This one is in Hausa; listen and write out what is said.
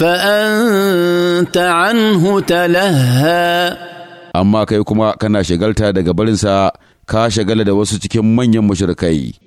fa’anta an hutalaha, amma kai kuma kana shagalta daga barin sa ka shagala da wasu cikin manyan mashirkai.